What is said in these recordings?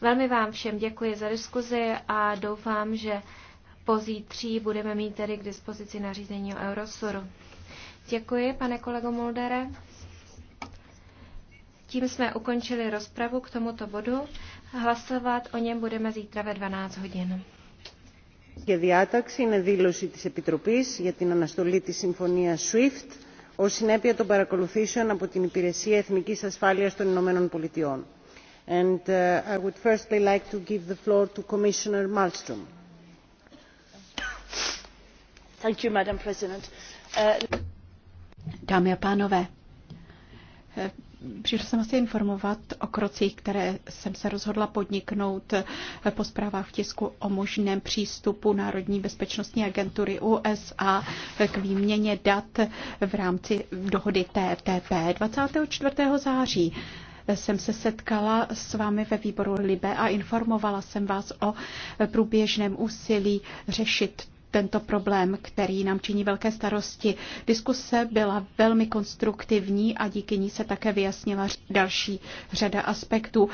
Velmi vám všem děkuji za diskuzi a doufám, že pozítří budeme mít tedy k dispozici nařízení o Eurosuru. Děkuji, pane kolego Muldere. Tím jsme ukončili rozpravu k tomuto bodu. Hlasovat o něm budeme zítra ve 12 hodin. Και διάταξη είναι δήλωση της Επιτροπής για την αναστολή της συμφωνίας SWIFT ως συνέπεια των παρακολουθήσεων από την Υπηρεσία Εθνικής Ασφάλειας των Ηνωμένων Πολιτειών madam president uh, dámy a pánové přišla jsem vás informovat o krocích, které jsem se rozhodla podniknout po zprávách v tisku o možném přístupu Národní bezpečnostní agentury USA k výměně dat v rámci dohody TTP 24. září jsem se setkala s vámi ve výboru Libe a informovala jsem vás o průběžném úsilí řešit tento problém, který nám činí velké starosti. Diskuse byla velmi konstruktivní a díky ní se také vyjasnila další řada aspektů.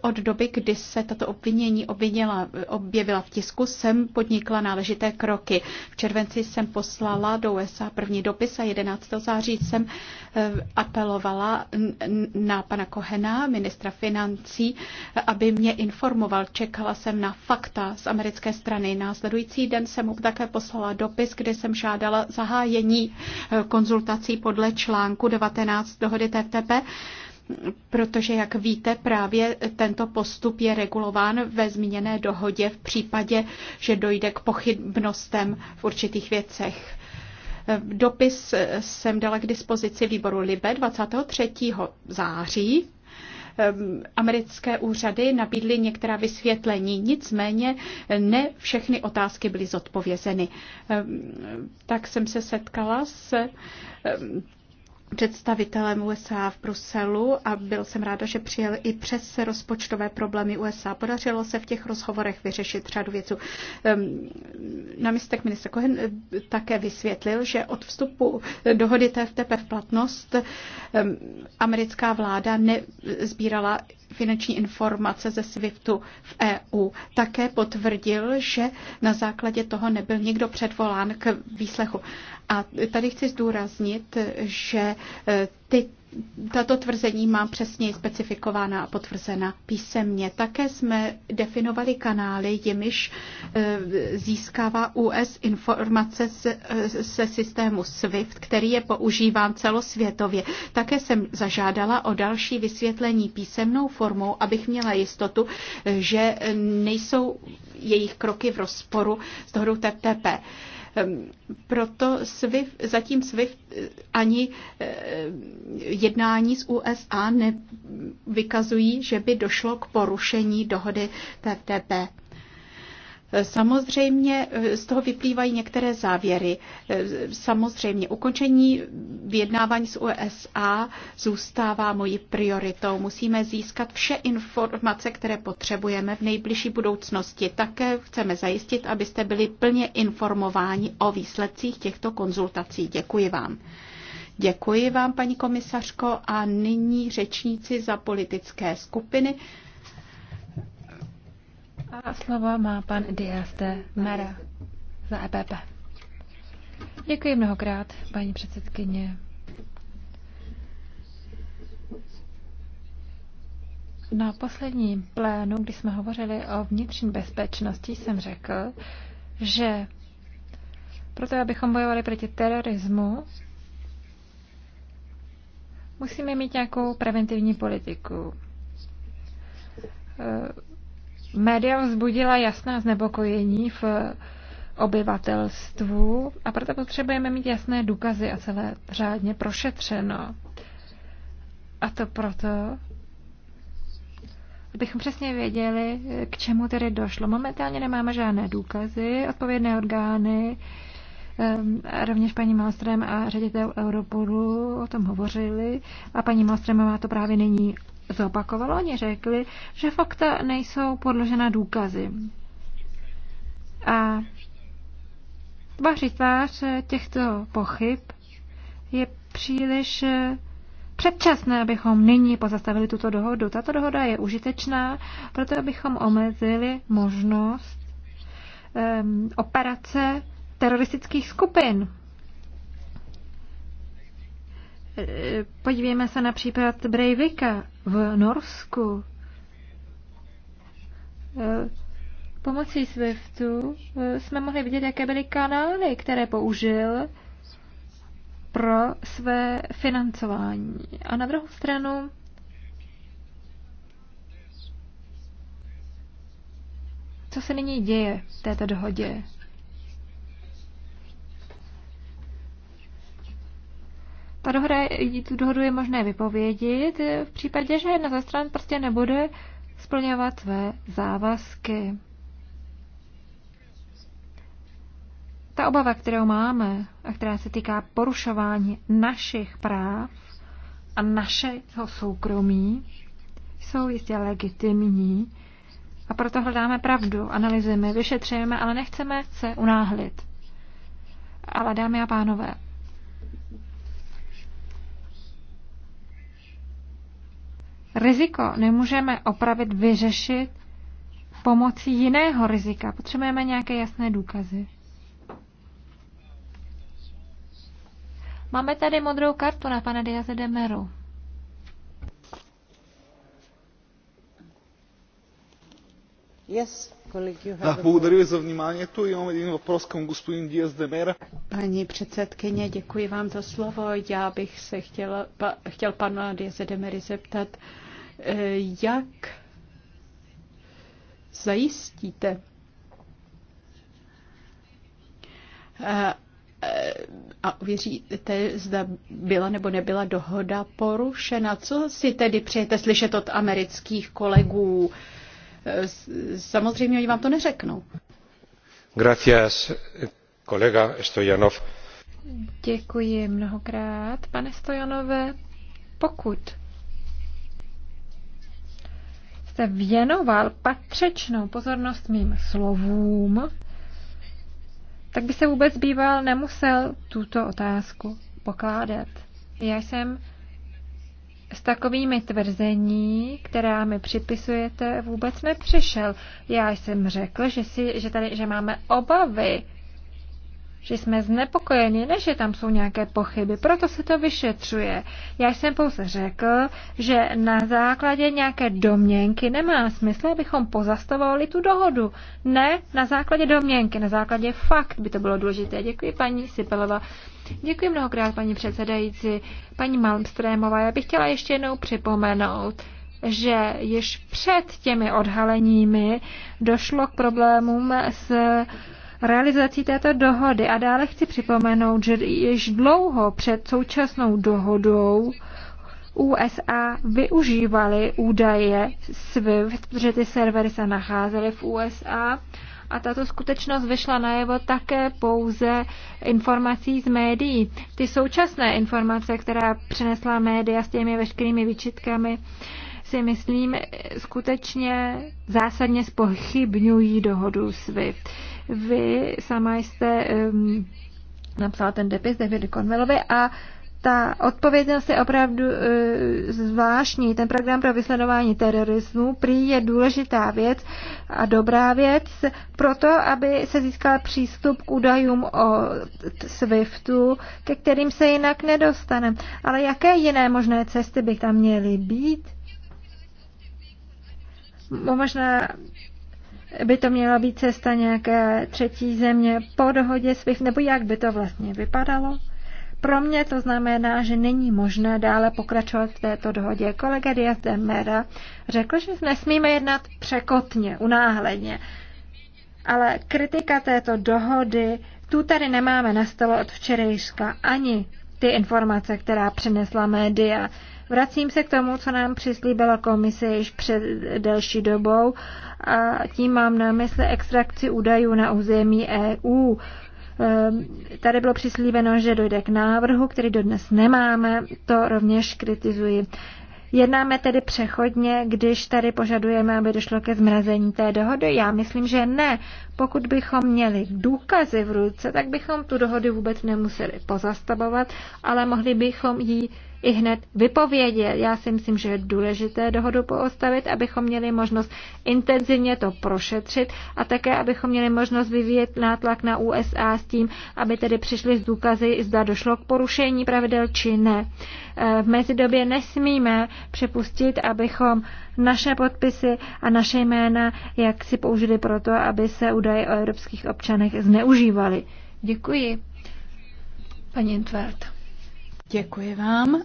Od doby, kdy se tato obvinění obvinila, objevila v tisku, jsem podnikla náležité kroky. V červenci jsem poslala do USA první dopis a 11. září jsem eh, apelovala na pana Kohena, ministra financí, aby mě informoval. Čekala jsem na fakta z americké strany. Následující den jsem mu tak také poslala dopis, kde jsem žádala zahájení eh, konzultací podle článku 19 dohody TTP protože, jak víte, právě tento postup je regulován ve zmíněné dohodě v případě, že dojde k pochybnostem v určitých věcech. Eh, dopis eh, jsem dala k dispozici výboru LIBE 23. září americké úřady nabídly některá vysvětlení, nicméně ne všechny otázky byly zodpovězeny. Tak jsem se setkala s představitelem USA v Bruselu a byl jsem ráda, že přijel i přes rozpočtové problémy USA. Podařilo se v těch rozhovorech vyřešit řadu věců. Ehm, Namistek minister Cohen eh, také vysvětlil, že od vstupu dohody TFTP v platnost ehm, americká vláda nezbírala finanční informace ze SWIFTu v EU. Také potvrdil, že na základě toho nebyl nikdo předvolán k výslechu. A tady chci zdůraznit, že eh, ty tato tvrzení mám přesně specifikována a potvrzena písemně. Také jsme definovali kanály, jimiž eh, získává US informace eh, ze systému SWIFT, který je používán celosvětově. Také jsem zažádala o další vysvětlení písemnou formou, abych měla jistotu, že nejsou jejich kroky v rozporu s dohodou TTP. Ehm, proto SWIFT, zatím SWIFT eh, ani eh, jednání z USA nevykazují, že by došlo k porušení dohody TTP. Samozřejmě eh, z toho vyplývají některé závěry. Eh, samozřejmě ukončení vyjednávání s USA zůstává mojí prioritou. Musíme získat vše informace, které potřebujeme v nejbližší budoucnosti. Také chceme zajistit, abyste byli plně informováni o výsledcích těchto konzultací. Děkuji vám. Děkuji vám, paní komisařko, a nyní řečníci za politické skupiny. A slovo má pan Diaz de Mera za EPP. Děkuji mnohokrát, paní předsedkyně. Na posledním plénu, kdy jsme hovořili o vnitřní bezpečnosti, jsem řekl, že proto, abychom bojovali proti terorismu, musíme mít nějakou preventivní politiku média vzbudila jasná znepokojení v obyvatelstvu a proto potřebujeme mít jasné důkazy a celé řádně prošetřeno. A to proto, abychom přesně věděli, k čemu tedy došlo. Momentálně nemáme žádné důkazy, odpovědné orgány, a ehm, rovněž paní Malstrem a ředitel Europolu o tom hovořili a paní Malstremová to právě nyní zopakovalo, Oni řekli, že fakta nejsou podložena důkazy. A tváří tvář těchto pochyb je příliš předčasné, abychom nyní pozastavili tuto dohodu. Tato dohoda je užitečná, proto abychom omezili možnost um, operace teroristických skupin. Eh, podívejme se na případ Breivika v Norsku. Eh, pomocí SWIFTu eh, jsme mohli vidět, jaké byly kanály, které použil pro své financování. A na druhou stranu co se nyní děje v této dohodě? Ta dohoda, tu dohodu je možné vypovědět v případě, že jedna ze stran prostě nebude splňovat své závazky. Ta obava, kterou máme a která se týká porušování našich práv a našeho soukromí, jsou jistě legitimní a proto hledáme pravdu, analyzujeme, vyšetřujeme, ale nechceme se unáhlit. Ale dámy a pánové, riziko nemůžeme opravit, vyřešit pomocí jiného rizika. Potřebujeme nějaké jasné důkazy. Máme tady modrou kartu na pana Diaze de Meru. Paní předsedkyně, děkuji vám za slovo. Já bych se chtěl, pa, chtěl pana de Meru zeptat, uh, Eh, jak zajistíte, eh, a uvěříte, zda byla nebo nebyla dohoda porušena. Co si tedy přejete slyšet od amerických kolegů? Eh, samozřejmě oni vám to neřeknou. Gracias, kolega Stojanov. Děkuji mnohokrát, pane Stojanové. Pokud abyste věnoval patřečnou pozornost mým slovům, tak by se vůbec býval nemusel tuto otázku pokládat. Já jsem s takovými tvrzení, která mi připisujete, vůbec nepřišel. Já jsem řekl, že, si, že, tady, že máme obavy že jsme znepokojeni, než že tam jsou nějaké pochyby, proto se to vyšetřuje. Já jsem pouze řekl, že na základě nějaké domněnky nemá smysl, abychom pozastavovali tu dohodu. Ne na základě domněnky, na základě fakt by to bylo důležité. Děkuji paní Sipelova. Děkuji mnohokrát paní předsedající, paní Malmstrémová. Já bych chtěla ještě jednou připomenout, že již před těmi odhaleními došlo k problémům s realizací této dohody. A dále chci připomenout, že již dlouho před současnou dohodou USA využívali údaje SWIFT, protože ty servery se nacházely v USA a tato skutečnost vyšla najevo také pouze informací z médií. Ty současné informace, která přinesla média s těmi veškerými výčitkami, si myslím, skutečně zásadně spochybňují dohodu SWIFT. Vy sama jste um, napsala ten depis Davidu Conwellovi a ta odpovědnost je opravdu e, zvláštní. Ten program pro vysledování terorismu prý je důležitá věc a dobrá věc proto, aby se získal přístup k údajům o SWIFTu, ke kterým se jinak nedostane. Ale jaké jiné možné cesty by tam měly být? Možná by to měla být cesta nějaké třetí země po dohodě SWIFT, nebo jak by to vlastně vypadalo? Pro mě to znamená, že není možné dále pokračovat v této dohodě. Kolega Diaz de Mera řekl, že nesmíme jednat překotně, unáhleně. Ale kritika této dohody, tu tady nemáme na stole od včerejška ani ty informace, která přinesla média. Vracím se k tomu, co nám přislíbila komise již před delší dobou a tím mám na mysli extrakci údajů na území EU. Ehm, tady bylo přislíbeno, že dojde k návrhu, který dodnes nemáme, to rovněž kritizuji. Jednáme tedy přechodně, když tady požadujeme, aby došlo ke zmrazení té dohody? Já myslím, že ne. Pokud bychom měli důkazy v ruce, tak bychom tu dohodu vůbec nemuseli pozastavovat, ale mohli bychom ji i hned vypovědět. Já si myslím, že je důležité dohodu poostavit, abychom měli možnost intenzivně to prošetřit a také, abychom měli možnost vyvíjet nátlak na USA s tím, aby tedy přišli z důkazy, zda došlo k porušení pravidel či ne. V mezidobě nesmíme připustit, abychom naše podpisy a naše jména jak si použili proto, aby se údaje o evropských občanech zneužívaly. Děkuji. Paní Intvert. Děkuji vám.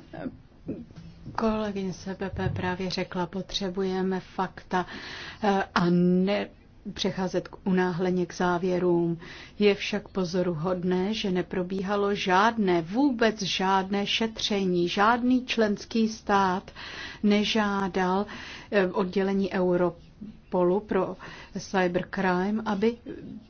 Kolegyně CPP právě řekla, potřebujeme fakta eh, a ne přecházet k unáhleně k závěrům. Je však pozoruhodné, že neprobíhalo žádné, vůbec žádné šetření. Žádný členský stát nežádal eh, oddělení Europy Interpolu pro cybercrime, aby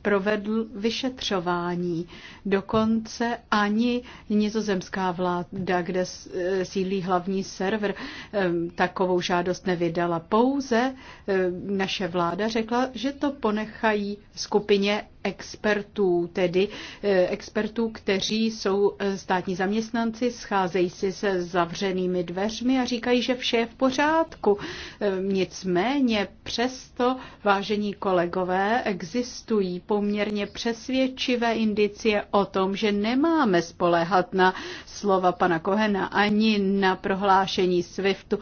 provedl vyšetřování. Dokonce ani nizozemská vláda, kde eh, sídlí hlavní server, eh, takovou žádost nevydala. Pouze eh, naše vláda řekla, že to ponechají skupině expertů, tedy eh, expertů, kteří jsou eh, státní zaměstnanci, scházejí si se zavřenými dveřmi a říkají, že vše je v pořádku. Eh, nicméně přesto, vážení kolegové, existují poměrně přesvědčivé indicie o tom, že nemáme spoléhat na slova pana Kohena ani na prohlášení SWIFTu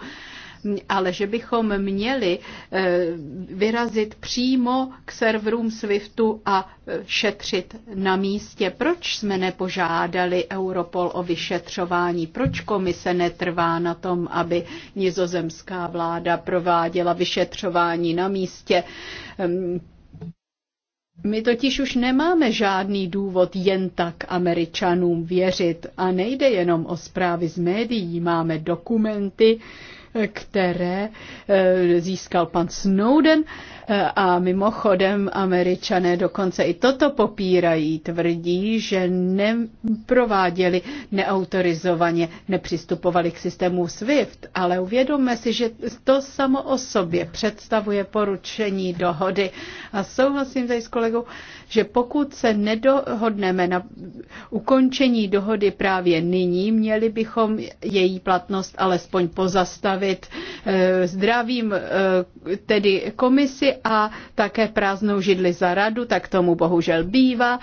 ale že bychom měli eh, vyrazit přímo k serverům SWIFTu a eh, šetřit na místě. Proč jsme nepožádali Europol o vyšetřování? Proč komise netrvá na tom, aby nizozemská vláda prováděla vyšetřování na místě? Ehm, my totiž už nemáme žádný důvod jen tak američanům věřit a nejde jenom o zprávy z médií, máme dokumenty, které eh, získal pan Snowden Eh, a mimochodem, američané dokonce i toto popírají, tvrdí, že neprováděli neautorizovaně, nepřistupovali k systému SWIFT, ale uvědomme si, že to samo o sobě představuje poručení dohody. A souhlasím tady s kolegou, že pokud se nedohodneme na ukončení dohody právě nyní, měli bychom její platnost alespoň pozastavit. Eh, zdravím eh, tedy komisi a také prázdnou židli za radu, tak tomu bohužel bývá.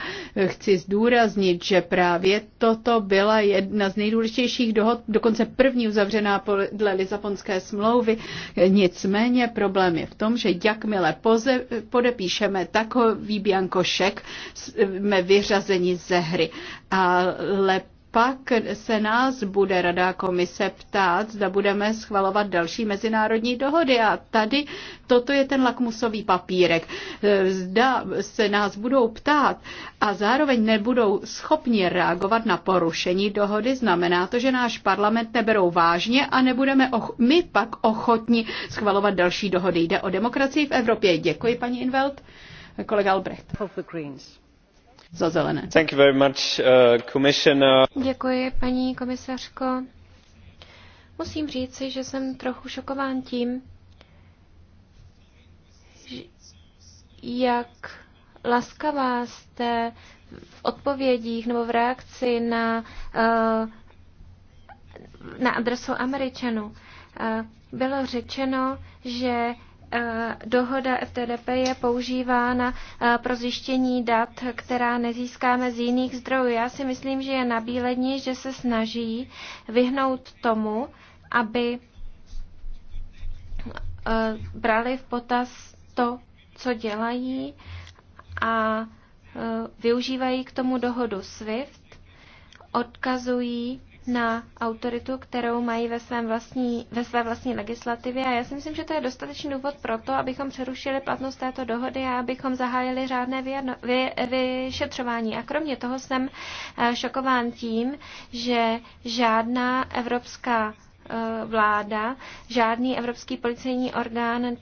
Chci zdůraznit, že právě toto byla jedna z nejdůležitějších dohod, dokonce první uzavřená podle Lizabonské smlouvy. Nicméně problém je v tom, že jakmile poze, podepíšeme takový biankošek, jsme vyřazeni ze hry. Ale pak se nás bude Rada komise ptát, zda budeme schvalovat další mezinárodní dohody. A tady toto je ten lakmusový papírek. E, zda se nás budou ptát a zároveň nebudou schopni reagovat na porušení dohody, znamená to, že náš parlament neberou vážně a nebudeme och- my pak ochotni schvalovat další dohody. Jde o demokracii v Evropě. Děkuji, paní Invelt. Kolega Albrecht za zelené. Uh, Děkuji, paní komisařko. Musím říci, že jsem trochu šokován tím, jak laskavá jste v odpovědích nebo v reakci na, uh, na adresu Američanů. Uh, bylo řečeno, že Eh, dohoda FTDP je používána eh, pro zjištění dat, která nezískáme z jiných zdrojů. Já si myslím, že je nabílení, že se snaží vyhnout tomu, aby eh, brali v potaz to, co dělají a využívají k tomu dohodu SWIFT, odkazují na autoritu, kterou mají ve, svém vlastní, ve své vlastní legislativě. A já si myslím, že to je dostatečný důvod pro to, abychom přerušili platnost této dohody a abychom zahájili řádné vyjedno, vy, vyšetřování. A kromě toho jsem eh, šokován tím, že žádná evropská eh, vláda, žádný evropský policejní orgán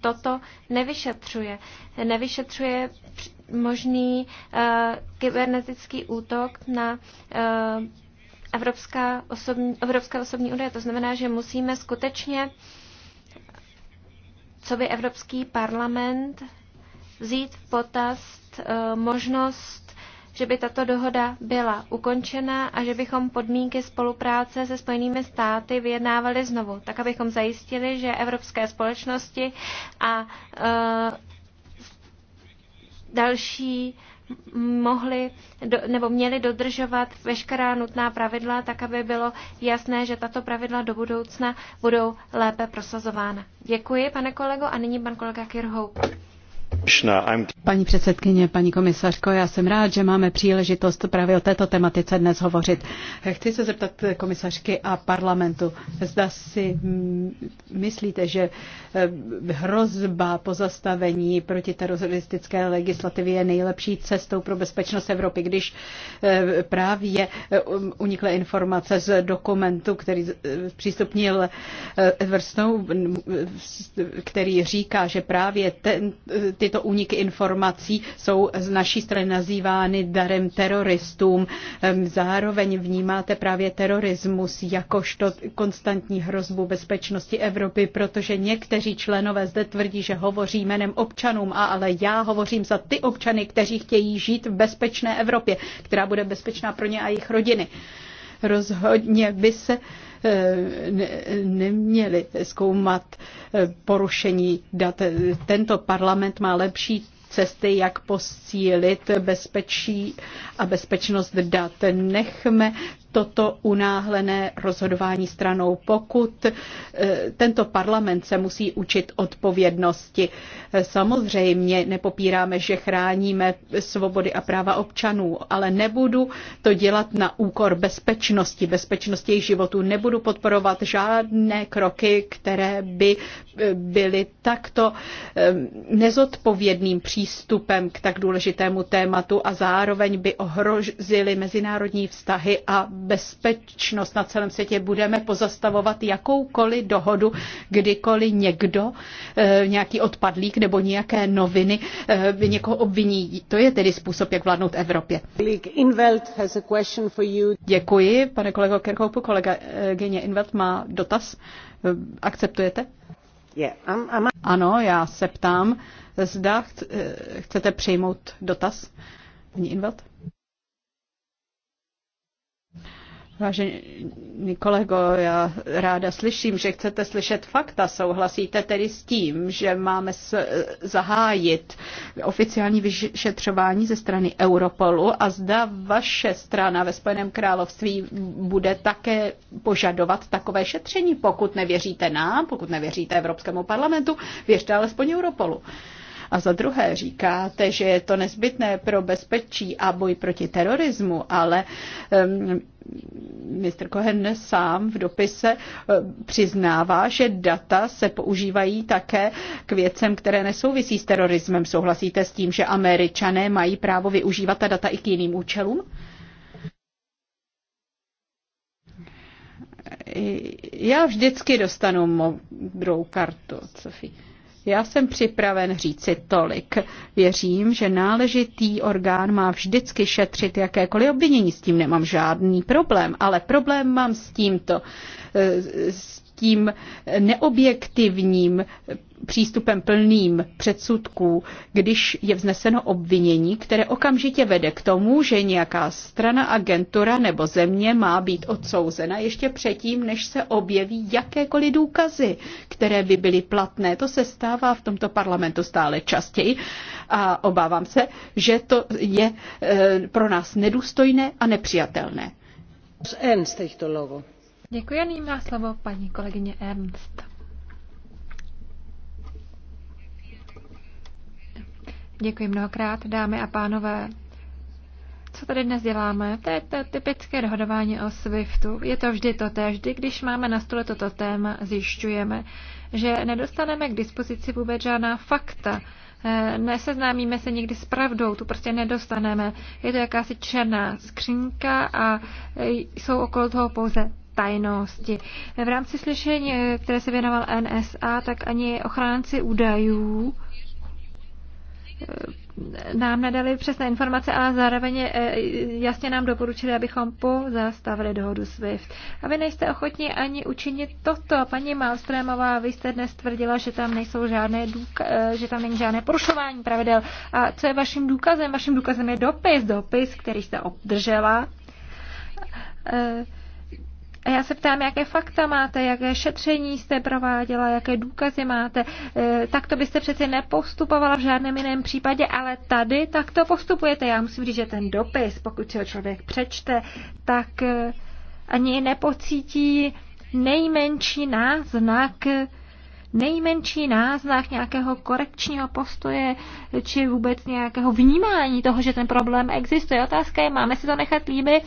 toto nevyšetřuje. Nevyšetřuje možný eh, kybernetický útok na evropská osobní, evropská osobní údaje. To znamená, že musíme skutečně, co by Evropský parlament, vzít v potaz eh, možnost že by tato dohoda byla ukončena a že bychom podmínky spolupráce se Spojenými státy vyjednávali znovu, tak abychom zajistili, že evropské společnosti a uh, další mohli do, nebo měli dodržovat veškerá nutná pravidla, tak aby bylo jasné, že tato pravidla do budoucna budou lépe prosazována. Děkuji, pane kolego, a nyní pan kolega Kirhoup. Paní předsedkyně, paní komisařko, já jsem rád, že máme příležitost právě o této tematice dnes hovořit. Chci se zeptat komisařky a parlamentu. Zda si mm, myslíte, že eh, hrozba pozastavení proti teroristické legislativy je nejlepší cestou pro bezpečnost Evropy, když eh, právě eh, unikly informace z dokumentu, který přístupnil Edward Snow, který říká, že právě ten, ty tyto úniky informací jsou z naší strany nazývány darem teroristům. Ehm, zároveň vnímáte právě terorismus jakožto konstantní hrozbu bezpečnosti Evropy, protože někteří členové zde tvrdí, že hovoří jménem občanům, a ale já hovořím za ty občany, kteří chtějí žít v bezpečné Evropě, která bude bezpečná pro ně a jejich rodiny. Rozhodně by se Eh, neměli zkoumat eh, porušení dat. Tento parlament má lepší cesty, jak posílit bezpečí a bezpečnost dat. Nechme toto unáhlené rozhodování stranou, pokud e, tento parlament se musí učit odpovědnosti. E, samozřejmě nepopíráme, že chráníme svobody a práva občanů, ale nebudu to dělat na úkor bezpečnosti, bezpečnosti jejich životů. Nebudu podporovat žádné kroky, které by e, byly takto nezodpovědným přístupem k tak důležitému tématu a zároveň by ohrozily mezinárodní vztahy a bezpečnost na celém světě. Budeme pozastavovat jakoukoliv dohodu, kdykoliv někdo, eh, nějaký odpadlík nebo nějaké noviny eh, někoho obviní. To je tedy způsob, jak vládnout Evropě. Děkuji, pane kolego Kerkoupu. Kolega eh, Genie Invelt má dotaz. Akceptujete? Ano, já se ptám, zda chcete přijmout dotaz, paní Invelt? Vážený kolego, já ráda slyším, že chcete slyšet fakta. Souhlasíte tedy s tím, že máme zahájit oficiální vyšetřování ze strany Europolu a zda vaše strana ve Spojeném království bude také požadovat takové šetření, pokud nevěříte nám, pokud nevěříte Evropskému parlamentu, věřte alespoň Europolu. Uh, a za druhé říkáte, že je to nezbytné pro bezpečí a boj proti terorismu, ale um, Mr. Cohen sám v dopise eh, přiznává, že data se používají také k věcem, které nesouvisí s terorismem. Souhlasíte s tím, že američané mají právo využívat ta data i k jiným účelům? Já vždycky dostanu modrou kartu, Sofie. Já jsem připraven říci tolik. Věřím, že náležitý orgán má vždycky šetřit jakékoliv obvinění. S tím nemám žádný problém, ale problém mám s tímto. Eh, s tím neobjektivním přístupem plným předsudků, když je vzneseno obvinění, které okamžitě vede k tomu, že nějaká strana, agentura nebo země má být odsouzena ještě předtím, než se objeví jakékoliv důkazy, které by byly platné. To se stává v tomto parlamentu stále častěji a obávám se, že to je eh, pro nás nedůstojné a nepřijatelné. logo. Děkuji nyní má slovo paní kolegyně Ernst. Děkuji mnohokrát, dámy a pánové. Co tady dnes děláme? To je to typické dohodování o SWIFTu. Je to vždy to též. Vždy, když máme na stole toto téma, zjišťujeme, že nedostaneme k dispozici vůbec žádná fakta. Eh, neseznámíme se nikdy s pravdou, tu prostě nedostaneme. Je to jakási černá skřínka a eh, jsou okolo toho pouze tajnosti. V rámci slyšení, které se věnoval NSA, tak ani ochránci údajů eh, nám nedali přesné informace, ale zároveň eh, jasně nám doporučili, abychom pozastavili dohodu SWIFT. A vy nejste ochotni ani učinit toto. Paní Malstrémová, vy jste dnes tvrdila, že tam nejsou žádné důka- eh, že tam není žádné porušování pravidel. A co je vaším důkazem? Vaším důkazem je dopis, dopis, který jste obdržela a já se ptám, jaké fakta máte, jaké šetření jste prováděla, jaké důkazy máte. E, tak to byste přece nepostupovala v žádném jiném případě, ale tady tak to postupujete. Já musím říct, že ten dopis, pokud si ho člověk přečte, tak e, ani nepocítí nejmenší náznak nejmenší náznak nějakého korekčního postoje či vůbec nějakého vnímání toho, že ten problém existuje. Otázka je, máme si to nechat líbit.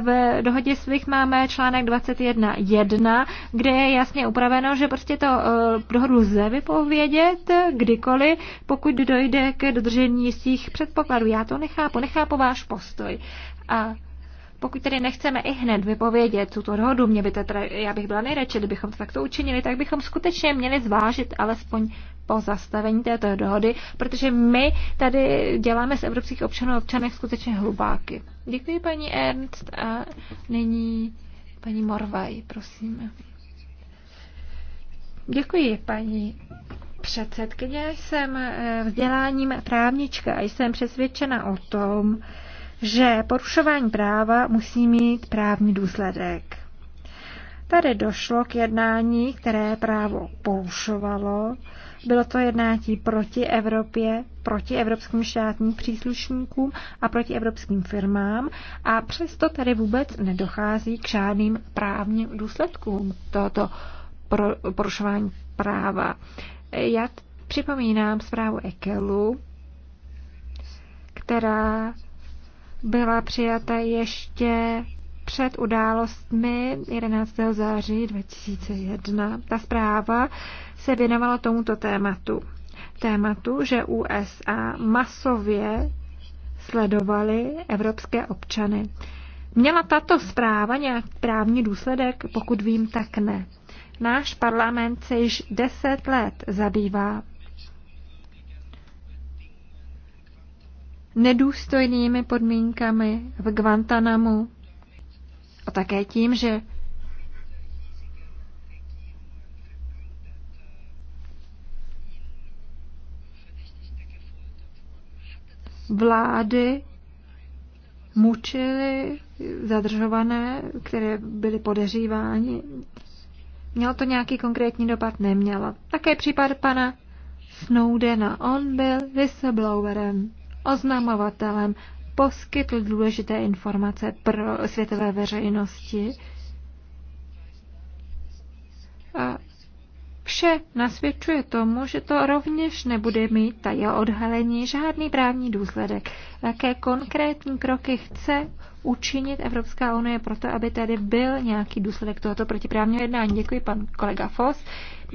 V dohodě svých máme článek 21.1, kde je jasně upraveno, že prostě to eh, dohodu lze vypovědět kdykoliv, pokud dojde k dodržení svých předpokladů. Já to nechápu, nechápu váš postoj. A pokud tedy nechceme i hned vypovědět tuto dohodu, mě by to teda, já bych byla nejradši, kdybychom to takto učinili, tak bychom skutečně měli zvážit alespoň po zastavení této dohody, protože my tady děláme z evropských občanů a občanek skutečně hlubáky. Děkuji paní Ernst a nyní paní Morvaj, prosím. Děkuji paní předsedkyně. Jsem eh, vzděláním právnička a jsem přesvědčena o tom, že porušování práva musí mít právní důsledek. Tady došlo k jednání, které právo porušovalo. Bylo to jednání proti Evropě, proti evropským státním příslušníkům a proti evropským firmám a přesto tady vůbec nedochází k žádným právním důsledkům tohoto porušování práva. Já připomínám zprávu Ekelu, která byla přijata ještě před událostmi 11. září 2001. Ta zpráva se věnovala tomuto tématu. Tématu, že USA masově sledovali evropské občany. Měla tato zpráva nějak právní důsledek? Pokud vím, tak ne. Náš parlament se již deset let zabývá nedůstojnými podmínkami v Guantanamu a také tím, že vlády mučili zadržované, které byly podeříváni. Měl to nějaký konkrétní dopad? Nemělo. Také případ pana Snowdena. On byl whistleblowerem oznamovatelem poskytl důležité informace pro světové veřejnosti. A vše nasvědčuje tomu, že to rovněž nebude mít ta jeho odhalení žádný právní důsledek. Jaké konkrétní kroky chce učinit Evropská unie proto, aby tady byl nějaký důsledek tohoto protiprávního jednání. Děkuji pan kolega Fos.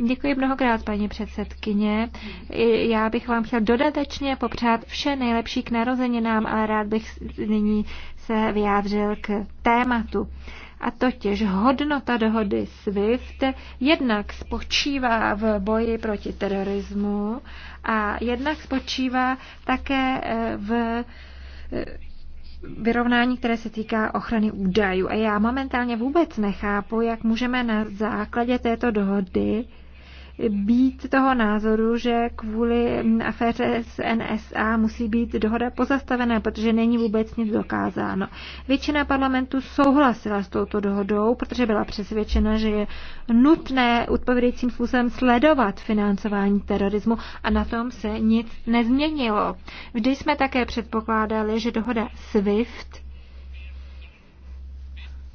Děkuji mnohokrát, paní předsedkyně. Já bych vám chtěl dodatečně popřát vše nejlepší k narozeninám, ale rád bych nyní se vyjádřil k tématu a totiž hodnota dohody SWIFT jednak spočívá v boji proti terorismu a jednak spočívá také eh, v eh, vyrovnání, které se týká ochrany údajů. A já momentálně vůbec nechápu, jak můžeme na základě této dohody být toho názoru, že kvůli mm, aféře s NSA musí být dohoda pozastavená, protože není vůbec nic dokázáno. Většina parlamentu souhlasila s touto dohodou, protože byla přesvědčena, že je nutné odpovědějícím způsobem sledovat financování terorismu a na tom se nic nezměnilo. Vždy jsme také předpokládali, že dohoda SWIFT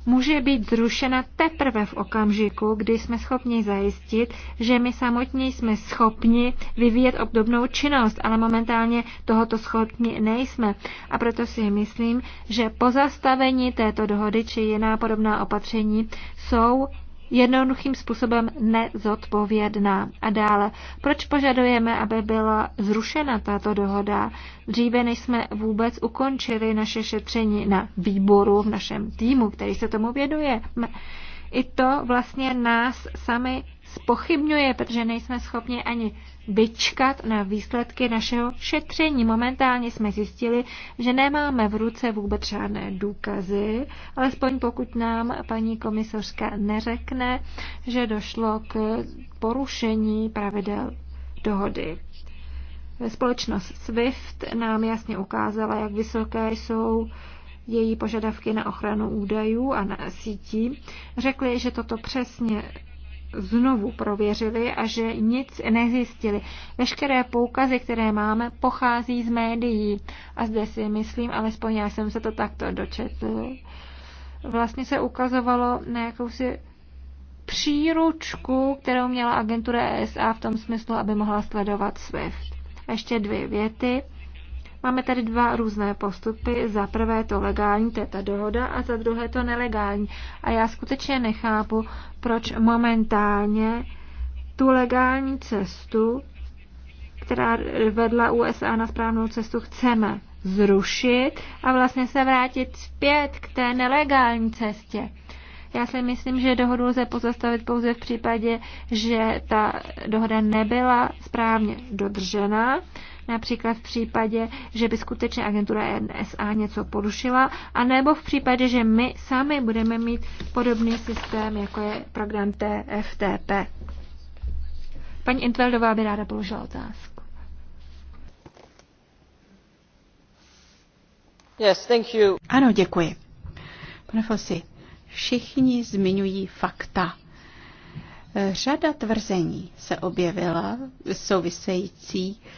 může být zrušena teprve v okamžiku, kdy jsme schopni zajistit, že my samotní jsme schopni vyvíjet obdobnou činnost, ale momentálně tohoto schopni nejsme. A proto si myslím, že pozastavení této dohody či jiná podobná opatření jsou jednoduchým způsobem nezodpovědná. A dále, proč požadujeme, aby byla zrušena tato dohoda? Dříve, než jsme vůbec ukončili naše šetření na výboru v našem týmu, který se tomu věduje, i to vlastně nás sami spochybňuje, protože nejsme schopni ani vyčkat na výsledky našeho šetření. Momentálně jsme zjistili, že nemáme v ruce vůbec žádné důkazy, alespoň pokud nám paní komisařka neřekne, že došlo k porušení pravidel dohody. Společnost SWIFT nám jasně ukázala, jak vysoké jsou její požadavky na ochranu údajů a na sítí. Řekli, že toto přesně znovu prověřili a že nic nezjistili. Veškeré poukazy, které máme, pochází z médií. A zde si myslím, alespoň já jsem se to takto dočetl. Vlastně se ukazovalo na jakousi příručku, kterou měla agentura ESA v tom smyslu, aby mohla sledovat SWIFT. A ještě dvě věty. Máme tady dva různé postupy. Za prvé to legální, to je ta dohoda, a za druhé to nelegální. A já skutečně nechápu, proč momentálně tu legální cestu, která vedla USA na správnou cestu, chceme zrušit a vlastně se vrátit zpět k té nelegální cestě. Já si myslím, že dohodu lze pozastavit pouze v případě, že ta dohoda nebyla správně dodržena například v případě, že by skutečně agentura NSA něco porušila, anebo v případě, že my sami budeme mít podobný systém, jako je program TFTP. Paní Intveldová by ráda položila otázku. Yes, thank you. Ano, děkuji. Pane Fossi, všichni zmiňují fakta. Řada tvrzení se objevila související uh,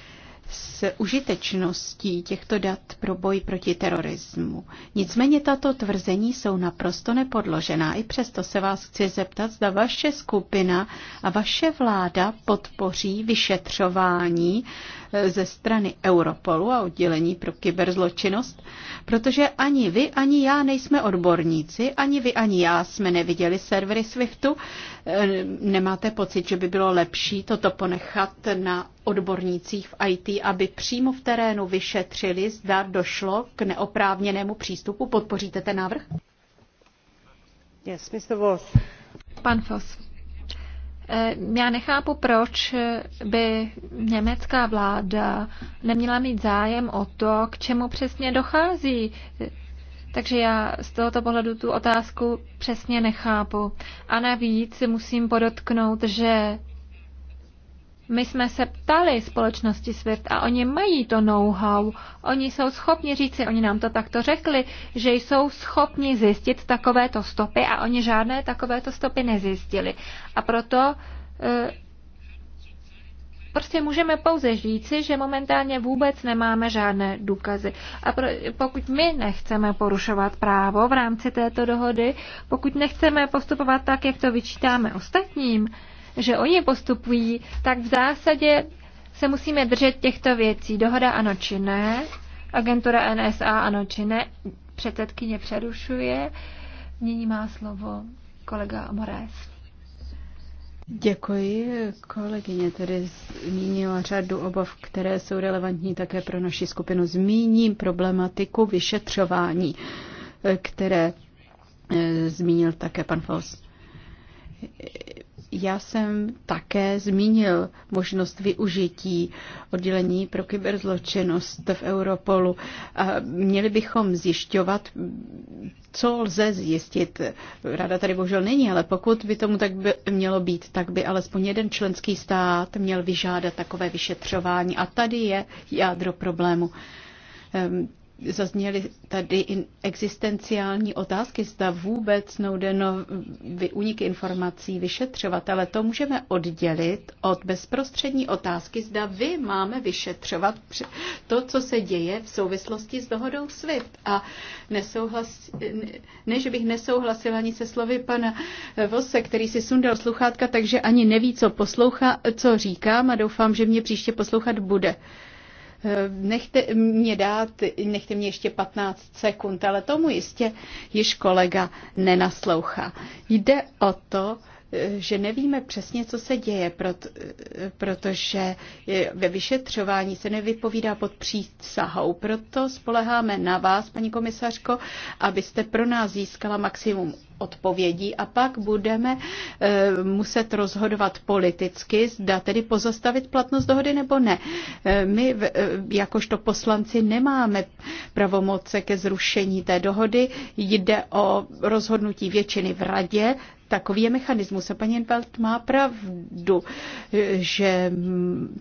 s užitečností těchto dat pro boj proti terorismu. Nicméně tato tvrzení jsou naprosto nepodložená. I přesto se vás chci zeptat, zda vaše skupina a vaše vláda podpoří vyšetřování ze strany Europolu a oddělení pro kyberzločinnost, protože ani vy, ani já nejsme odborníci, ani vy, ani já jsme neviděli servery SWIFTu. Eh, nemáte pocit, že by bylo lepší toto ponechat na odbornících v IT, aby přímo v terénu vyšetřili, zda došlo k neoprávněnému přístupu? Podpoříte ten návrh? Yes, Mr. Voss. Pan Voss. Eh, já nechápu, proč by německá vláda neměla mít zájem o to, k čemu přesně dochází. Takže já z tohoto pohledu tu otázku přesně nechápu. A navíc musím podotknout, že my jsme se ptali společnosti SWIFT a oni mají to know-how. Oni jsou schopni říci, oni nám to takto řekli, že jsou schopni zjistit takovéto stopy a oni žádné takovéto stopy nezjistili. A proto eh, prostě můžeme pouze říci, že momentálně vůbec nemáme žádné důkazy. A pro, pokud my nechceme porušovat právo v rámci této dohody, pokud nechceme postupovat tak, jak to vyčítáme ostatním, že oni postupují, tak v zásadě se musíme držet těchto věcí. Dohoda ano či ne, agentura NSA ano či ne, předsedkyně přerušuje. Nyní má slovo kolega Morés. Děkuji. Kolegyně tedy zmínila řadu obav, které jsou relevantní také pro naši skupinu. Zmíním problematiku vyšetřování, eh, které eh, zmínil také pan Fos. Já jsem také zmínil možnost využití oddělení pro kyberzločinnost v Europolu. Měli bychom zjišťovat, co lze zjistit. Rada tady bohužel není, ale pokud by tomu tak by mělo být, tak by alespoň jeden členský stát měl vyžádat takové vyšetřování. A tady je jádro problému ehm, zazněly tady existenciální otázky, zda vůbec Snowdeno uniky informací vyšetřovat, ale to můžeme oddělit od bezprostřední otázky, zda vy máme vyšetřovat to, co se děje v souvislosti s dohodou SWIFT. A nesouhlas, ne, že bych nesouhlasila ani se slovy pana Vose, který si sundal sluchátka, takže ani neví, co poslouchá, co říkám a doufám, že mě příště poslouchat bude. Eh, nechte mě dát, nechte mě ještě 15 sekund, ale tomu jistě již kolega nenaslouchá. Jde o to, že nevíme přesně, co se děje, protože ve vyšetřování se nevypovídá pod přísahou. Proto spoleháme na vás, paní komisařko, abyste pro nás získala maximum odpovědí a pak budeme eh, muset rozhodovat politicky, zda tedy pozastavit platnost dohody nebo ne. Eh, my eh, jakožto poslanci nemáme pravomoce ke zrušení té dohody, jde o rozhodnutí většiny v radě, takový je mechanismus. A paní Enfeld má pravdu, že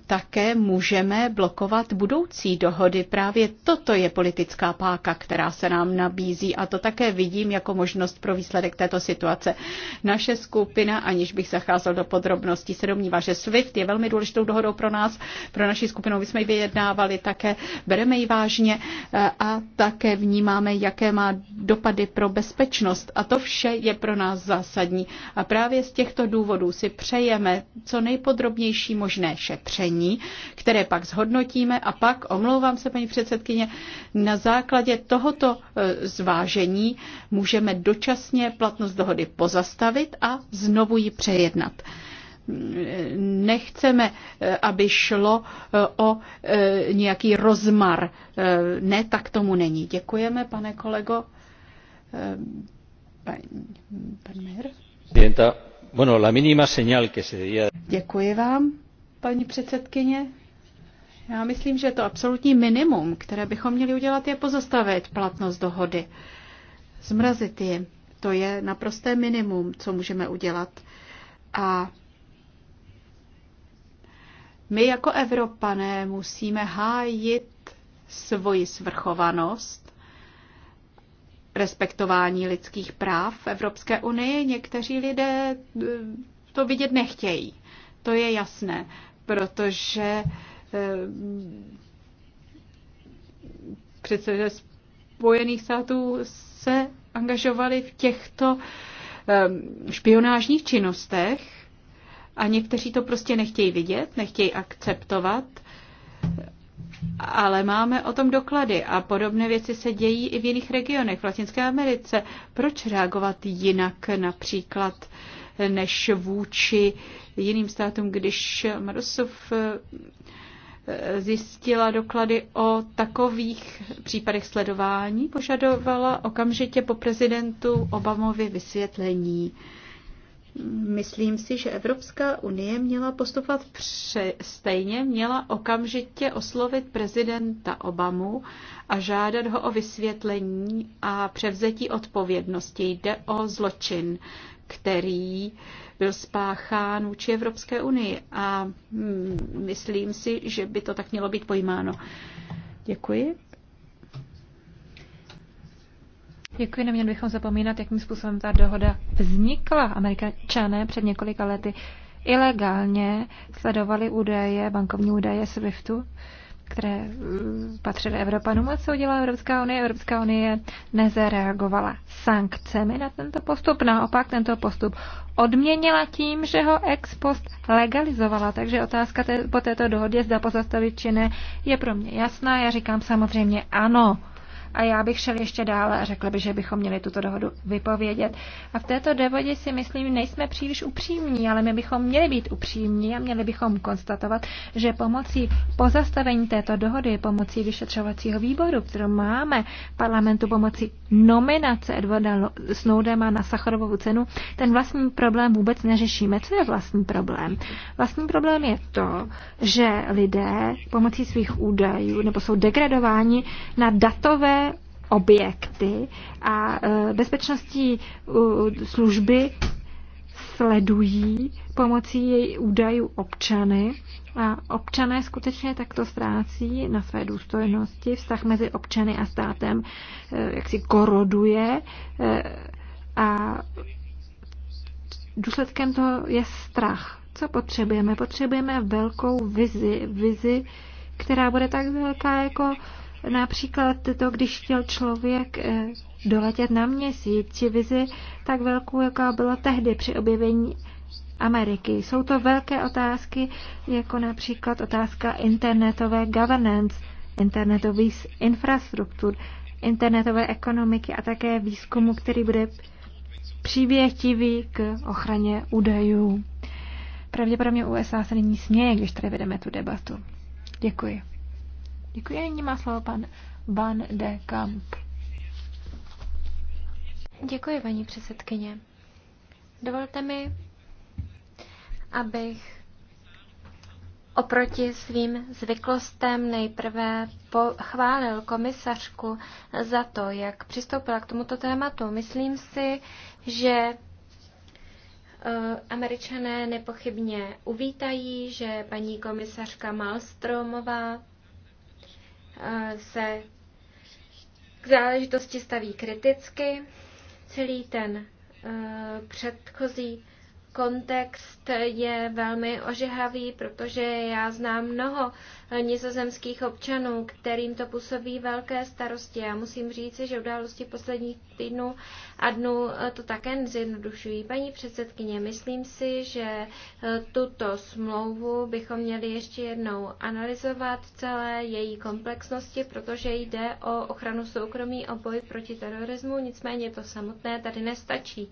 také můžeme blokovat budoucí dohody. Právě toto je politická páka, která se nám nabízí a to také vidím jako možnost pro výsledek této situace. Naše skupina, aniž bych zacházel do podrobností, se domnívá, že SWIFT je velmi důležitou dohodou pro nás, pro naši skupinu. My jsme ji vyjednávali také, bereme ji vážně eh, a také vnímáme, jaké má dopady pro bezpečnost. A to vše je pro nás zásadní efektivní. A právě z těchto důvodů si přejeme co nejpodrobnější možné šetření, které pak zhodnotíme a pak, omlouvám se paní předsedkyně, na základě tohoto e, zvážení můžeme dočasně platnost dohody pozastavit a znovu ji přejednat nechceme, e, aby šlo e, o nějaký rozmar. Ne, tak tomu není. Děkujeme, pane kolego. Paní Děkuji vám, předsedkyně. Já myslím, že to absolutní minimum, které bychom měli udělat, je pozastavit platnost dohody. Zmrazit ji. To je naprosté minimum, co můžeme udělat. A my jako Evropané musíme hájit svoji svrchovanost respektování lidských práv v Evropské unii. Někteří lidé eh, to vidět nechtějí. To je jasné, protože eh, přece Spojených států se angažovali v těchto eh, špionážních činnostech a někteří to prostě nechtějí vidět, nechtějí akceptovat ale máme o tom doklady a podobné věci se dějí i v jiných regionech v Latinské Americe. Proč reagovat jinak například než vůči jiným státům, když Marusov eh, zjistila doklady o takových případech sledování, požadovala okamžitě po prezidentu Obamovi vysvětlení. Myslím si, že Evropská unie měla postupovat pře- stejně, měla okamžitě oslovit prezidenta Obamu a žádat ho o vysvětlení a převzetí odpovědnosti. Jde o zločin, který byl spáchán vůči Evropské unii a mm, myslím si, že by to tak mělo být pojímáno. Děkuji. Děkuji, neměli bychom zapomínat, jakým způsobem ta dohoda vznikla. Američané před několika lety ilegálně sledovali údaje, bankovní údaje SWIFTu, které mm, patřily Evropanům. A co udělala Evropská unie? Evropská unie nezareagovala sankcemi na tento postup. Naopak tento postup odměnila tím, že ho ex post legalizovala. Takže otázka po této dohodě, zda pozastavit či ne, je pro mě jasná. Já říkám samozřejmě ano. A já bych šel ještě dále a řekla bych, že bychom měli tuto dohodu vypovědět. A v této dohodě si myslím, nejsme příliš upřímní, ale my bychom měli být upřímní a měli bychom konstatovat, že pomocí pozastavení této dohody, pomocí vyšetřovacího výboru, kterou máme parlamentu pomocí nominace Edwarda Snowdema na Sacharovovu cenu, ten vlastní problém vůbec neřešíme. Co je vlastní problém? Vlastní problém je to, že lidé pomocí svých údajů nebo jsou degradováni na datové objekty a e, bezpečnostní služby sledují pomocí její údajů občany a občané skutečně takto ztrácí na své důstojnosti. Vztah mezi občany a státem e, jak si koroduje e, a důsledkem toho je strach. Co potřebujeme? Potřebujeme velkou vizi, vizi, která bude tak velká jako Například to, když chtěl člověk eh, doletět na měsíc, či vizi tak velkou, jaká byla tehdy při objevení Ameriky. Jsou to velké otázky, jako například otázka internetové governance, internetových infrastruktur, internetové ekonomiky a také výzkumu, který bude přívětivý k ochraně údajů. Pravděpodobně USA se nyní směje, když tady vedeme tu debatu. Děkuji. Děkuji nyní má slovo pan Van de Kamp. Děkuji, paní předsedkyně. Dovolte mi, abych oproti svým zvyklostem nejprve pochválil komisařku za to, jak přistoupila k tomuto tématu. Myslím si, že eh, američané nepochybně uvítají, že paní komisařka Malstromová se k záležitosti staví kriticky. Celý ten eh, předchozí Kontext je velmi ožehavý, protože já znám mnoho nizozemských občanů, kterým to působí velké starosti. Já musím říci, že události posledních týdnů a dnů eh, to také nezjednodušují. Paní předsedkyně, myslím si, že eh, tuto smlouvu bychom měli ještě jednou analyzovat celé její komplexnosti, protože jde o ochranu soukromí a boj proti terorismu, nicméně to samotné tady nestačí.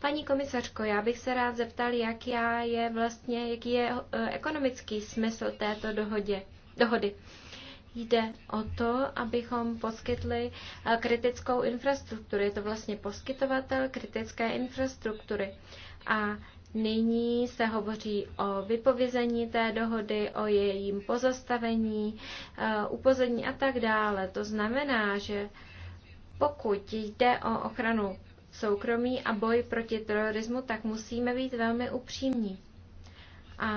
Paní komisařko, já bych se rád zeptal, jak já je vlastně, jaký je eh, ekonomický smysl této dohodě, dohody. Jde o to, abychom poskytli eh, kritickou infrastrukturu. Je to vlastně poskytovatel kritické infrastruktury. A Nyní se hovoří o vypovězení té dohody, o jejím pozastavení, eh, upozornění a tak dále. To znamená, že pokud jde o ochranu soukromí a boj proti terorismu, tak musíme být velmi upřímní. A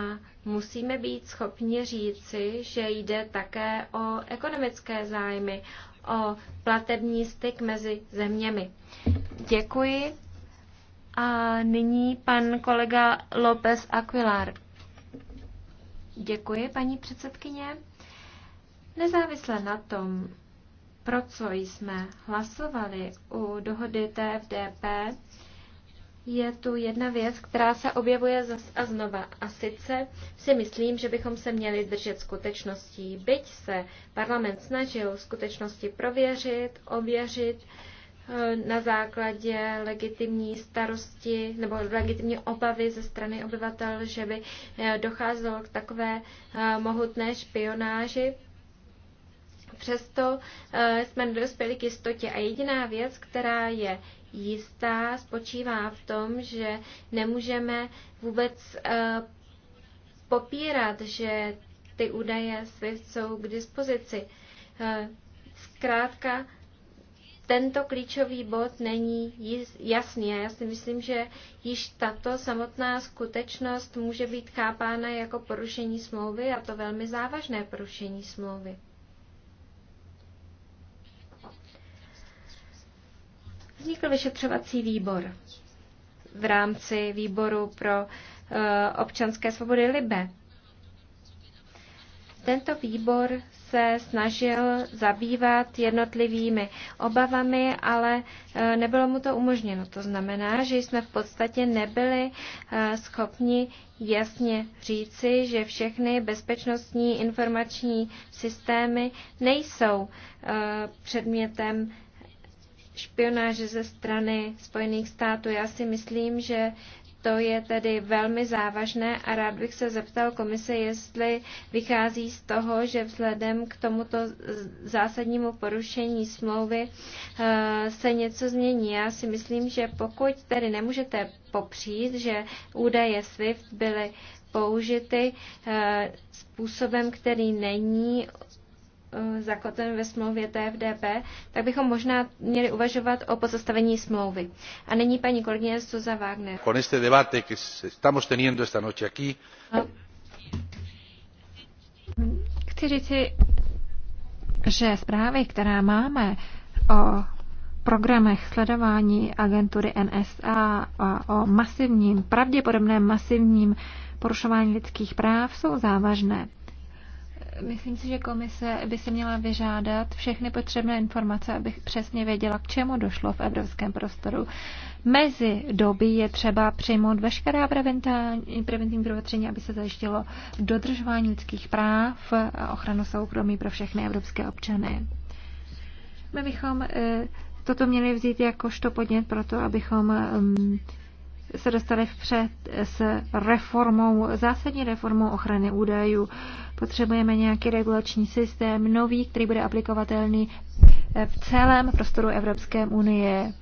musíme být schopni říci, že jde také o ekonomické zájmy, o platební styk mezi zeměmi. Děkuji. A nyní pan kolega López Aquilar. Děkuji, paní předsedkyně. Nezávisle na tom, pro co jsme hlasovali u dohody TFDP, je tu jedna věc, která se objevuje zas a znova. A sice si myslím, že bychom se měli držet skutečností. Byť se parlament snažil skutečnosti prověřit, ověřit eh, na základě legitimní starosti nebo legitimní obavy ze strany obyvatel, že by eh, docházelo k takové eh, mohutné špionáži, Přesto eh, jsme nedospěli k jistotě a jediná věc, která je jistá, spočívá v tom, že nemůžeme vůbec eh, popírat, že ty údaje jsou k dispozici. Eh, zkrátka, tento klíčový bod není jasný. Já si myslím, že již tato samotná skutečnost může být chápána jako porušení smlouvy a to velmi závažné porušení smlouvy. Vznikl vyšetřovací výbor v rámci výboru pro eh, občanské svobody Libe. Tento výbor se snažil zabývat jednotlivými obavami, ale eh, nebylo mu to umožněno. To znamená, že jsme v podstatě nebyli eh, schopni jasně říci, že všechny bezpečnostní informační systémy nejsou předmětem špionáže ze strany Spojených států. Já si myslím, že to je tedy velmi závažné a rád bych se zeptal komise, jestli vychází z toho, že vzhledem k tomuto zásadnímu porušení smlouvy eh, se něco změní. Já si myslím, že pokud tedy nemůžete popřít, že údaje SWIFT byly použity eh, způsobem, který není Eh, zakotven ve smlouvě TFDP, tak bychom možná měli uvažovat o pozastavení smlouvy. A nyní paní kolegyně Suza Wagner. Con este debate que estamos teniendo esta noche aquí. Chci říci, že zprávy, která máme o programech sledování agentury NSA a o masivním, pravděpodobném masivním porušování lidských práv jsou závažné. Myslím si, že komise by se měla vyžádat všechny potřebné informace, abych přesně věděla, k čemu došlo v evropském prostoru. Mezi doby je třeba přijmout veškerá preventivní provatření, aby se zajištilo dodržování lidských práv a ochranu soukromí pro všechny evropské občany. My bychom eh, toto měli vzít jakožto podnět pro to, abychom mm, se dostali vpřed s reformou, zásadní reformou ochrany údajů. Potřebujeme nějaký regulační systém nový, který bude aplikovatelný v celém prostoru Evropské unie.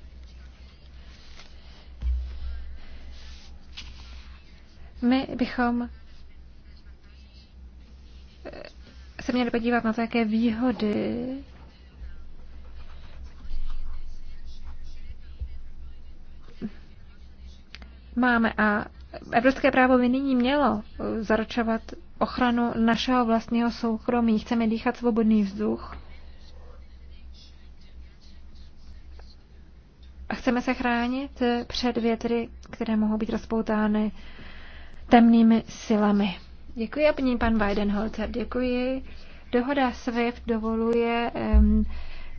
My bychom se měli podívat na to, jaké výhody máme a evropské právo by nyní mělo uh, zaručovat ochranu našeho vlastního soukromí. Chceme dýchat svobodný vzduch a chceme se chránit uh, před větry, které mohou být rozpoutány temnými silami. Děkuji a paní pan Weidenholzer. Děkuji. Dohoda SWIFT dovoluje um,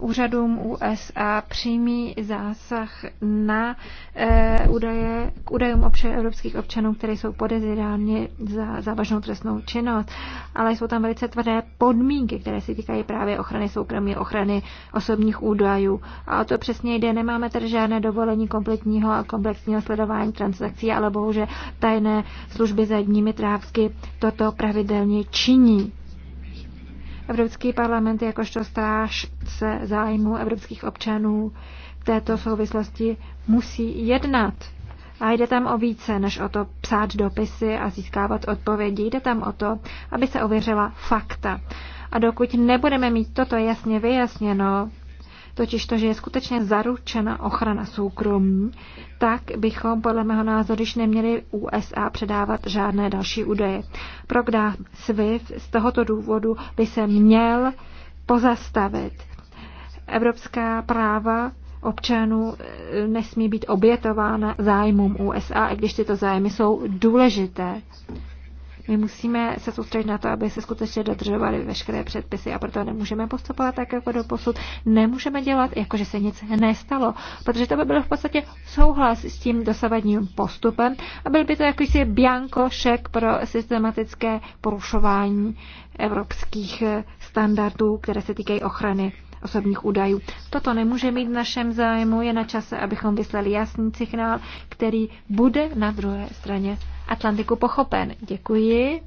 úřadům USA přímý zásah na e, údaje, k údajům obče, evropských občanů, které jsou podezíráni za závažnou trestnou činnost. Ale jsou tam velice tvrdé podmínky, které se týkají právě ochrany soukromí, ochrany osobních údajů. A o to přesně jde. Nemáme tady žádné dovolení kompletního a komplexního sledování transakcí, ale bohužel tajné služby zadními trávky toto pravidelně činí. Evropský parlament jakožto strážce zájmu evropských občanů v této souvislosti musí jednat. A jde tam o více, než o to psát dopisy a získávat odpovědi. Jde tam o to, aby se ověřila fakta. A dokud nebudeme mít toto jasně vyjasněno, totiž to, že je skutečně zaručena ochrana soukromí, tak bychom podle mého názoru již neměli USA předávat žádné další údaje. Program SWIFT z tohoto důvodu by se měl pozastavit. Evropská práva občanů e, nesmí být obětována zájmům USA, i když tyto zájmy jsou důležité. My musíme se soustředit na to, aby se skutečně dodržovaly veškeré předpisy a proto nemůžeme postupovat tak jako do posud. Nemůžeme dělat, jako že se nic nestalo, protože to by bylo v podstatě souhlas s tím dosavadním postupem a byl by to jakýsi šek pro systematické porušování evropských standardů, které se týkají ochrany osobních údajů. Toto nemůže mít v našem zájmu, je na čase, abychom vyslali jasný signál, který bude na druhé straně Atlantiku pochopen. Děkuji.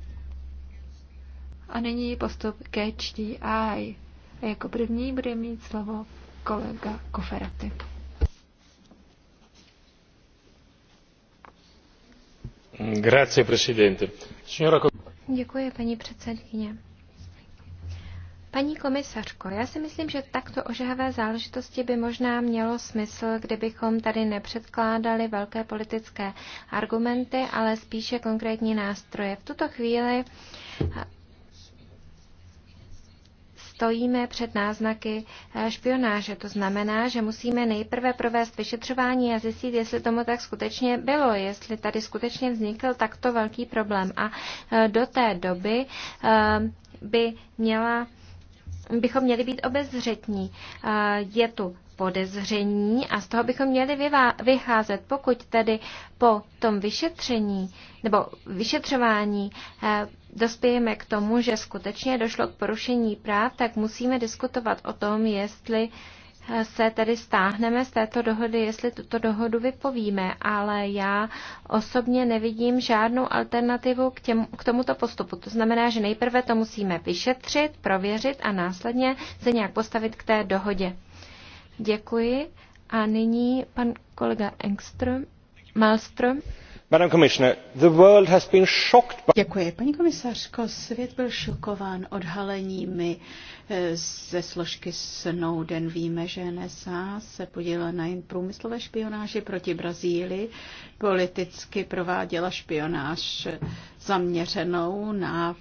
A nyní postup ke HDI. A jako první bude mít slovo kolega Koferaty. Grazie, presidente. Signora... Děkuji, paní předsedkyně. Paní komisařko, já si myslím, že takto ožehavé záležitosti by možná mělo smysl, kdybychom tady nepředkládali velké politické argumenty, ale spíše konkrétní nástroje. V tuto chvíli eh, stojíme před náznaky eh, špionáže. To znamená, že musíme nejprve provést vyšetřování a zjistit, jestli tomu tak skutečně bylo, jestli tady skutečně vznikl takto velký problém. A eh, do té doby by měla bychom měli být obezřetní. Eh, je tu podezření a z toho bychom měli vycházet, pokud tedy po tom vyšetření nebo vyšetřování eh, dospějeme k tomu, že skutečně došlo k porušení práv, tak musíme diskutovat o tom, jestli se tedy stáhneme z této dohody, jestli tuto dohodu vypovíme, ale já osobně nevidím žádnou alternativu k, těm, k tomuto postupu. To znamená, že nejprve to musíme vyšetřit, prověřit a následně se nějak postavit k té dohodě. Děkuji. A nyní pan kolega Engström, Malström. Paní komisařko, svět byl šokován odhaleními eh, ze složky Snowden. Víme, že NSA se podílela na průmyslové špionáži proti Brazílii, politicky prováděla špionáž eh, zaměřenou na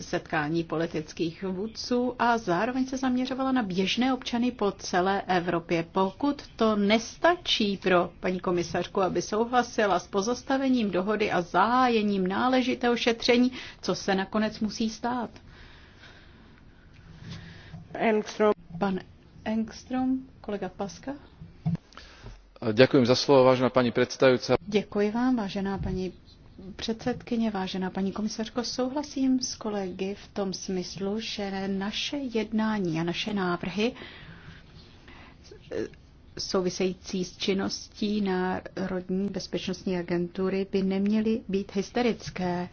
setkání politických vůdců a zároveň se zaměřovala na běžné občany po celé Evropě. Pokud to nestačí pro paní komisařku, aby souhlasila s pozastavením dohody a zahájením náležitého šetření, co se nakonec musí stát? Engstrom. Pan Engström, kolega Paska. Děkuji za slovo, vážená paní představující. Děkuji vám, vážená paní předsedkyně, vážená paní komisařko, souhlasím s kolegy v tom smyslu, že naše jednání a naše návrhy související s činností Národní bezpečnostní agentury by neměly být hysterické.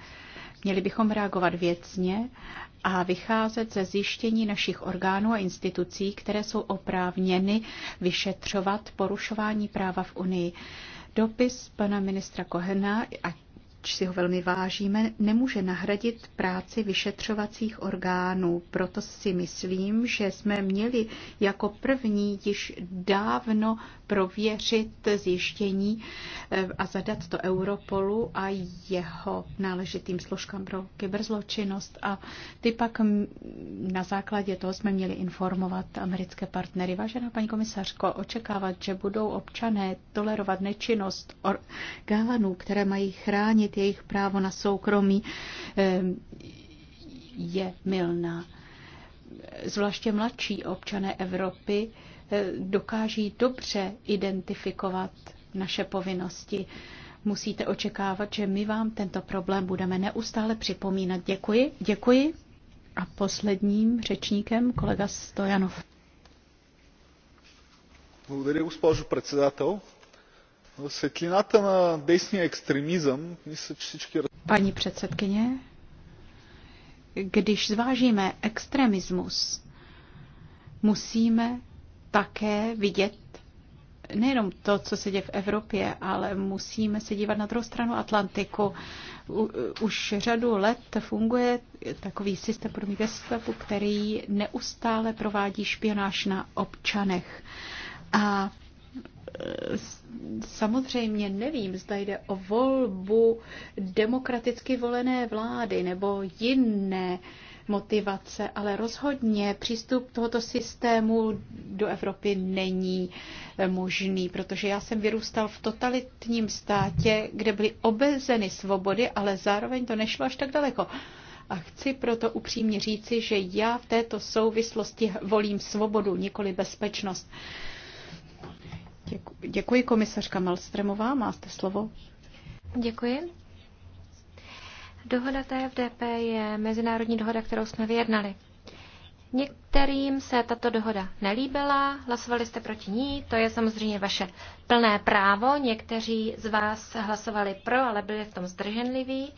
Měli bychom reagovat věcně a vycházet ze zjištění našich orgánů a institucí, které jsou oprávněny vyšetřovat porušování práva v Unii. Dopis pana ministra Kohena a ač si ho velmi vážíme, nemůže nahradit práci vyšetřovacích orgánů. Proto si myslím, že jsme měli jako první již dávno prověřit zjištění eh, a zadat to Europolu a jeho náležitým složkám pro kyberzločinnost. A ty pak na základě toho jsme měli informovat americké partnery. Vážená paní komisařko, očekávat, že budou občané tolerovat nečinnost orgánů, které mají chránit jejich právo na soukromí, eh, je milná. Zvláště mladší občané Evropy eh, dokáží dobře identifikovat naše povinnosti. Musíte očekávat, že my vám tento problém budeme neustále připomínat. Děkuji, děkuji. A posledním řečníkem kolega Stojanov. Благодаря, госпожо председател. Světlináta Paní předsedkyně, když zvážíme extremismus, musíme také vidět nejenom to, co se děje v Evropě, ale musíme se dívat na druhou stranu Atlantiku. U, už řadu let funguje takový systém pro Gestapu, který neustále provádí špionáž na občanech. A samozřejmě nevím, zda jde o volbu demokraticky volené vlády nebo jiné motivace, ale rozhodně přístup tohoto systému do Evropy není eh, možný, protože já jsem vyrůstal v totalitním státě, kde byly obezeny svobody, ale zároveň to nešlo až tak daleko. A chci proto upřímně říci, že já v této souvislosti volím svobodu, nikoli bezpečnost. Uh, Děkuji, děkuji komisařka Malstremová, máte slovo. Děkuji. Dohoda TFDP je mezinárodní dohoda, kterou jsme vyjednali. Některým se tato dohoda nelíbila, hlasovali jste proti ní, to je samozřejmě vaše plné právo. Někteří z vás hlasovali pro, ale byli v tom zdrženliví.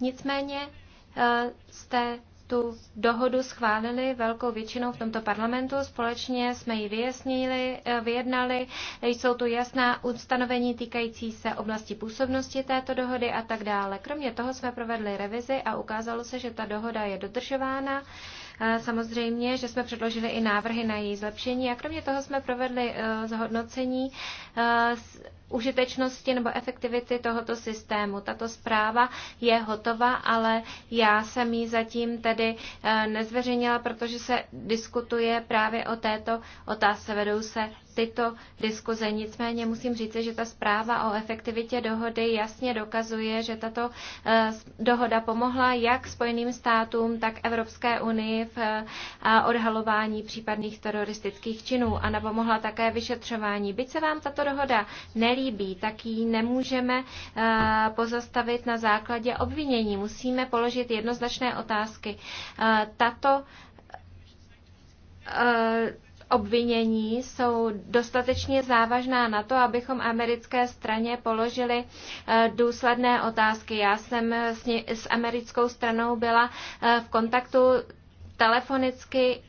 Nicméně eh, jste tu dohodu schválili velkou většinou v tomto parlamentu. Společně jsme ji vyjasnili, eh, vyjednali. Jsou tu jasná ustanovení týkající se oblasti působnosti této dohody a tak dále. Kromě toho jsme provedli revizi a ukázalo se, že ta dohoda je dodržována. Eh, samozřejmě, že jsme předložili i návrhy na její zlepšení a kromě toho jsme provedli eh, zhodnocení užitečnosti nebo efektivity tohoto systému. Tato zpráva je hotová, ale já jsem ji zatím tedy eh, nezveřejnila, protože se diskutuje právě o této otázce. Vedou se tyto diskuze. Nicméně musím říct, že ta zpráva o efektivitě dohody jasně dokazuje, že tato eh, dohoda pomohla jak Spojeným státům, tak Evropské unii v eh, odhalování případných teroristických činů a napomohla také vyšetřování. Byť se vám tato dohoda nelíbí, nelíbí, tak ji nemůžeme eh, pozastavit na základě obvinění. Musíme položit jednoznačné otázky. Eh, tato eh, obvinění jsou dostatečně závažná na to, abychom americké straně položili důsledné otázky. Já jsem s americkou stranou byla v kontaktu telefonicky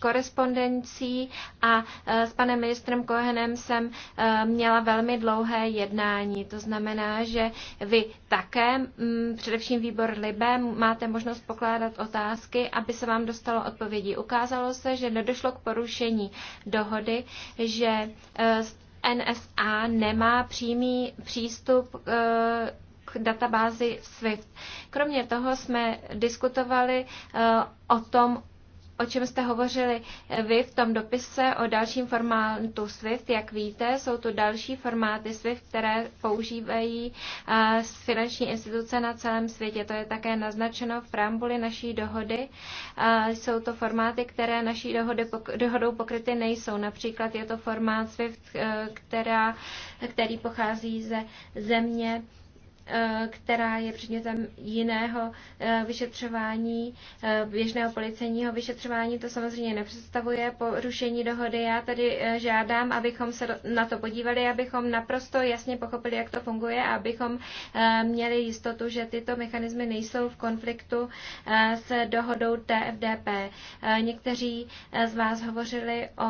korespondencí a e, s panem ministrem Kohenem jsem e, měla velmi dlouhé jednání. To znamená, že vy také, mm, především výbor Libe, máte možnost pokládat otázky, aby se vám dostalo odpovědi. Ukázalo se, že nedošlo k porušení dohody, že e, NSA nemá přímý přístup k databázi SWIFT. Kromě toho jsme diskutovali o tom, o čem jste hovořili vy v tom dopise o dalším formátu SWIFT. Jak víte, jsou to další formáty SWIFT, které používají finanční instituce na celém světě. To je také naznačeno v preambuli naší dohody. Jsou to formáty, které naší dohody, dohodou pokryty nejsou. Například je to formát SWIFT, e, která, který pochází ze země, Eh, která je předmětem jiného eh, vyšetřování, eh, běžného policejního vyšetřování, to samozřejmě nepředstavuje porušení dohody. Já tady žádám, abychom se na to podívali, abychom naprosto jasně pochopili, jak to funguje a abychom měli jistotu, že tyto mechanismy nejsou v konfliktu s dohodou TFDP. Někteří z vás hovořili o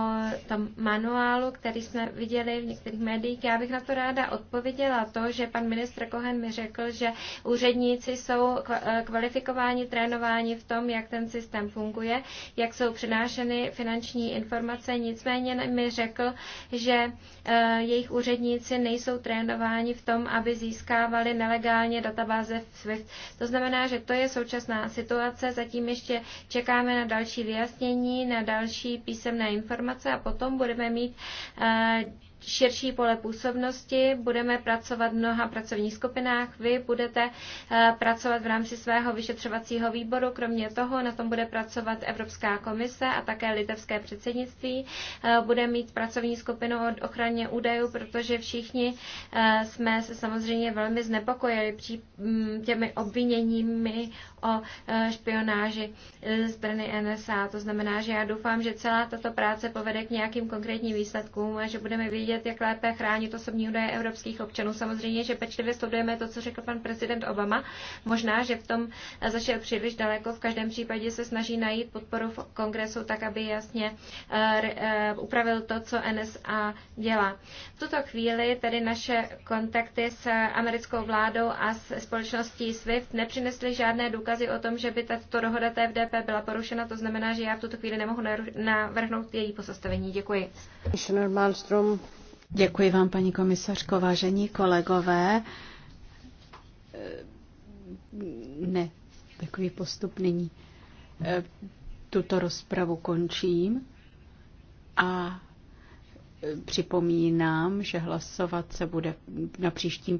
tom manuálu, který jsme viděli v některých médiích. Já bych na to ráda odpověděla to, že pan ministr Kohen mi řekl, že úředníci jsou eh, kvalifikováni, trénováni v tom, jak ten systém funguje, jak jsou přenášeny finanční informace. Nicméně mi řekl, že eh, jejich úředníci nejsou trénováni v tom, aby získávali nelegálně databáze SWIFT. To znamená, že to je současná situace. Zatím ještě čekáme na další vyjasnění, na další písemné informace a potom budeme mít eh, širší pole působnosti, budeme pracovat v mnoha pracovních skupinách, vy budete eh, pracovat v rámci svého vyšetřovacího výboru, kromě toho na tom bude pracovat Evropská komise a také litevské předsednictví, eh, bude mít pracovní skupinu o ochraně údajů, protože všichni eh, jsme se samozřejmě velmi znepokojili mm, těmi obviněními o špionáži ze strany NSA. To znamená, že já doufám, že celá tato práce povede k nějakým konkrétním výsledkům a že budeme vědět, vědět, jak lépe chránit osobní údaje evropských občanů. Samozřejmě, že pečlivě sledujeme to, co řekl pan prezident Obama. Možná, že v tom zašel příliš daleko. V každém případě se snaží najít podporu v kongresu tak, aby jasně eh, eh, upravil to, co NSA dělá. V tuto chvíli tedy naše kontakty s americkou vládou a s společností SWIFT nepřinesly žádné důkazy o tom, že by tato dohoda TFDP byla porušena. To znamená, že já v tuto chvíli nemohu navrhnout její pozastavení. Děkuji. Děkuji vám, paní komisařko, vážení kolegové. Ne, takový postup není. Tuto rozpravu končím a připomínám, že hlasovat se bude na příštím